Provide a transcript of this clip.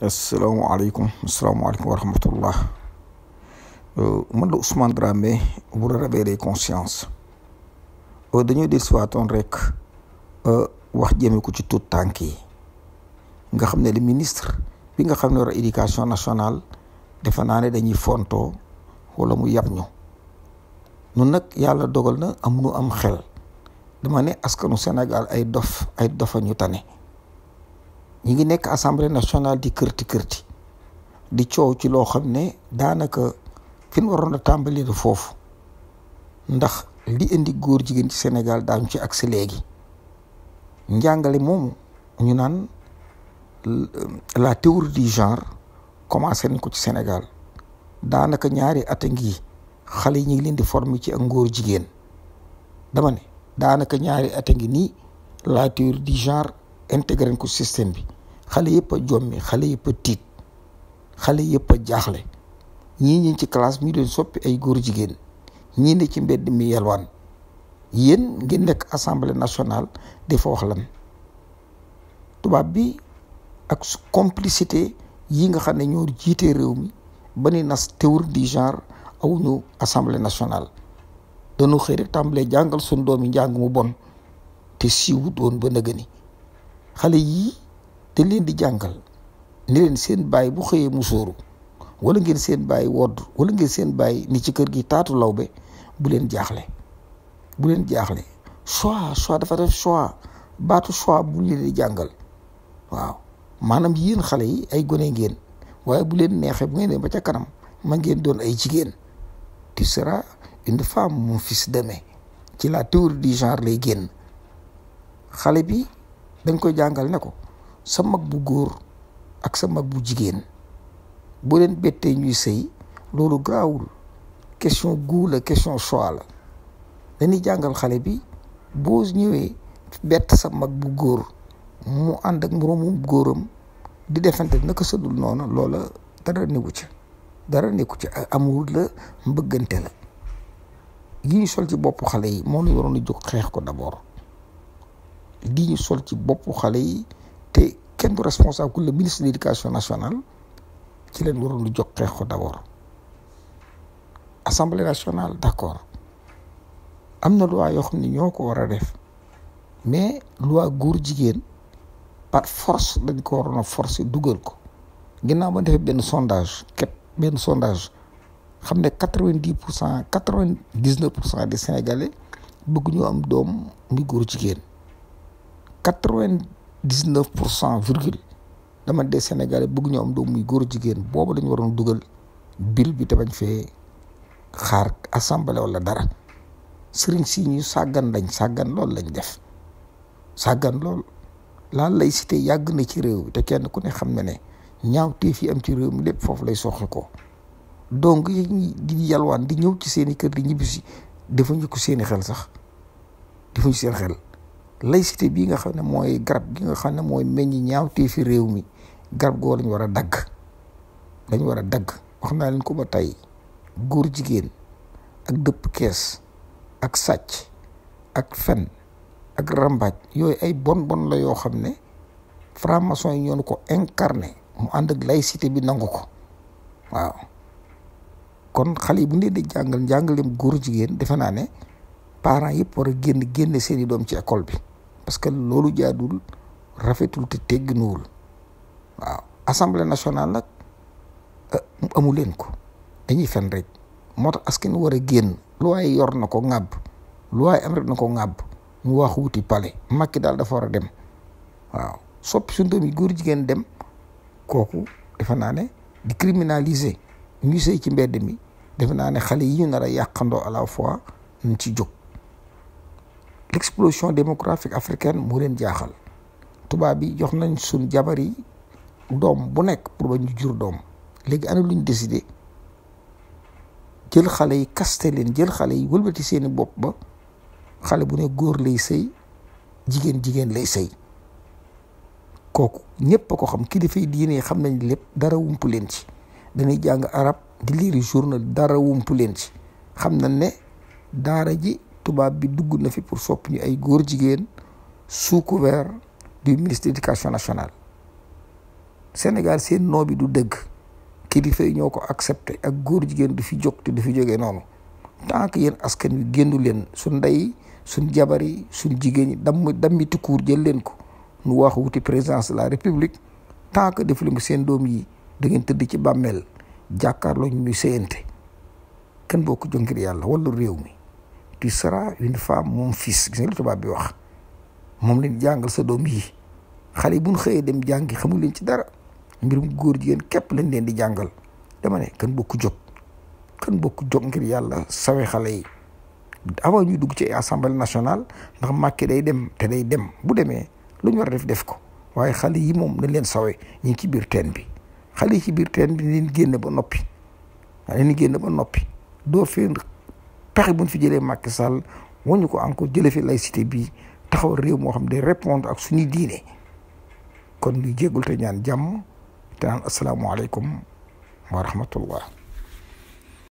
asalaamaaleykum asalaamaaleykum wa rahmatullah euh, man la Ousmane Dramé bu la de conscience euh, dañoo del siwaatoon rek euh, wax jëme ko ci tuut tànk yi nga xam ne le ministre bi nga xam ne war éducation nationale defe naa ne dañuy fontoo wala mu yab ñu nun nag yàlla dogal na am nu am xel dama ne askanu Sénégal ay dof ay dofa ñu tane ñi ngi nekk assemblée nationale di kërti kërti di coow ci loo xam ne daanaka fi ñu waroon a tàmbalee de foofu ndax li indi góor jigéen ci Sénégal daañu ci agsi léegi njàngale moomu ñu naan la théorie du genre commencé nañ ko ci Sénégal daanaka ñaari at a ngi xale yi ñu ngi leen di former ci a ngóor jigéen dama ne daanaka ñaari at a ngi nii la tur di genre intégré ko système bi xale yëpp a jommi xale yëpp a tiit xale yëpp a jaaxle ñii ñu ci classe mi doon soppi ay góor jigéen ñi ne ci mbedd mi yelwaan yéen ngeen nekk assemblée nationale dafa wax lan tubaab bi ak complicité yi nga xam ne ñoo jiite réew mi ba ni nas théorie di genre awuñu assemblée nationale dañu xëy rek tàmbalee jàngal suñ doomi njàng mu bon te siiwut woon ba nëgëni xale yii dañ leen di jàngal ni leen seen baay bu xëyee mu sóoru wala ngeen seen baay wodd wala ngeen seen baay ni ci kër gi taatu lawbe bu leen jaaxle bu leen jaaxle choix choix dafa def choix baatu choix bu leen di jàngal waaw maanaam yéen xale yi ay gone ngeen waaye bu leen neexee bu ngeen dem ba ca kanam ma ngeen doon ay jigéen tu seras une femme mu fils demain ci la théorie du genre lay génn xale bi danga koy jàngal ne ko sa mag bu góor ak sa mag bu jigéen boo leen bettee ñuy sëy loolu gaawul question goût la question choix la dañuy jàngal xale bi boo ñëwee bett sa mag bu góor mu ànd ak moroomum góoram di defante naka sëdul noonu loola dara nekku ci dara nekku ci amul la mbëggante la yi ñu sol ci bopp xale yi moo ñu waroon a jóg xeex ko d'abord lii ñu sol ci boppu xale yi te kenn du responsable ku le ministre de nationale ci leen waroon lu jox xeex ko d'abord assemblée nationale d'accord am na loi yoo xam ne ñoo ko war a def mais loi góor jigéen par force dañ ko waroon a forcer dugal ko ginnaaw ba defee benn sondage képp benn sondage xam ne quatre vingt dix pour cent quatre vingt dix neuf pour cent des am doom muy góor jigéen. quatre-vingt-dix-neuf pour cent virgule dama des Sénégalais bëgg ñu am doom muy góor jigéen boobu dañu waroon dugal bill bi te bañ fee xaar assemblée wala dara sëriñ si ñu sàggan lañ sàggan lool lañ def sàggan lool la laïcité yàgg na ci réew bi te kenn ku ne xam ne ne ñaaw téef yi am ci réew mi lépp foofu lay soxla ko donc yi di yalwaan di ñëw ci seen i kër di ñibbisi defuñu ko seen xel sax defuñu seen xel laïcité bii nga xam ne mooy garab gi nga xam ne mooy meññ ñaaw tee fi réew mi garab goo lañ war a dagg dañ war a dagg wax naa leen ko ba tey góor jigéen ak dëpp kees ak sàcc ak fen ak rambaaj yooyu ay bon bon la yoo xam ne franc-maçon yi ñoonu ko incarné mu ànd ak laïcité bi nangu ko waaw kon xale yi bu ñu leen di jàngal njàngaleem góor jigéen defe naa ne parents yëpp war a génn génne seeni doom ci école bi parce que loolu jaadul rafetul te tegginuwul waaw assemblée nationale nag euh, amu leen ko dañuy fen rek moo tax askan war a génn luwaay yor na ko ŋàbb luwaay am rek na ko ŋàbb ñu wax wuti palais Macky daal dafa a dem waaw soppi suñu yi góor jigéen dem kooku defe naa ne di criminaliser ñu sëy ci mbedd mi defe naa ne xale yi ñu nar a yàqandoo à la fois ñu ci jóg. l'explosion démographique africain mu leen jaaxal tubaab yi jox nañ suñ jabar yi doom bu nekk pour ba ñu jur doom léegi ana luñ décidé jël xale yi kaste leen jël xale yi wëlbati seeni bopp ba xale bu ne góor lay sëy jigéen jigéen lay sëy kooku ñépp ko xam kilifa yi diine xam nañ lépp dara wumpu leen ci dañuy jàng arab di liiri journal dara wumpu leen ci xam nañ ne daara ji tubaab bi dugg na fi pour soppi ñu ay góor jigéen sous couvert du ministre de nationale Sénégal seen noo bi du dëgg kilifa yi ñoo ko accepté ak góor jigéen du fi jóg te du fi jógee noonu tant que yéen askan wi génnu leen suñ ndey suñ jabar yi suñ jigéen ñi damm dammi tukkuur jël leen ko nu wax wuti présidence de la république tant que def lu seen doom yi da ngeen tëdd ci bàmmeel jàkkaarloo ñu ñuy séyante kenn boo ko jóg yàlla wala réew mi. tu seras une femme mon fils gis nga li tubaab bi wax moom leen jàngal sa doom yi xale yi bu ñu xëyee dem jàngi xamul leen ci dara mbirum góor jigéen képp lañ leen di jàngal dama ne kan bokk jóg kan bokk jóg ngir yàlla sawee xale yi avant ñuy dugg ci assemblée national ndax Macky day dem te day dem bu demee lu ñu war a def def ko waaye xale yi moom nañ leen sawe ñu ci biir teen bi xale yi ci biir teen bi leen génn ba noppi leen génn ba noppi doo pexe bu fi jëlee Macky Sall wañu ko encore jëlee fi laïcité bi taxaw réew moo xam day répondre ak suñuy diine kon ñu jéggul te ñaan jàmm te naan asalaamaaleykum wa rahmatullah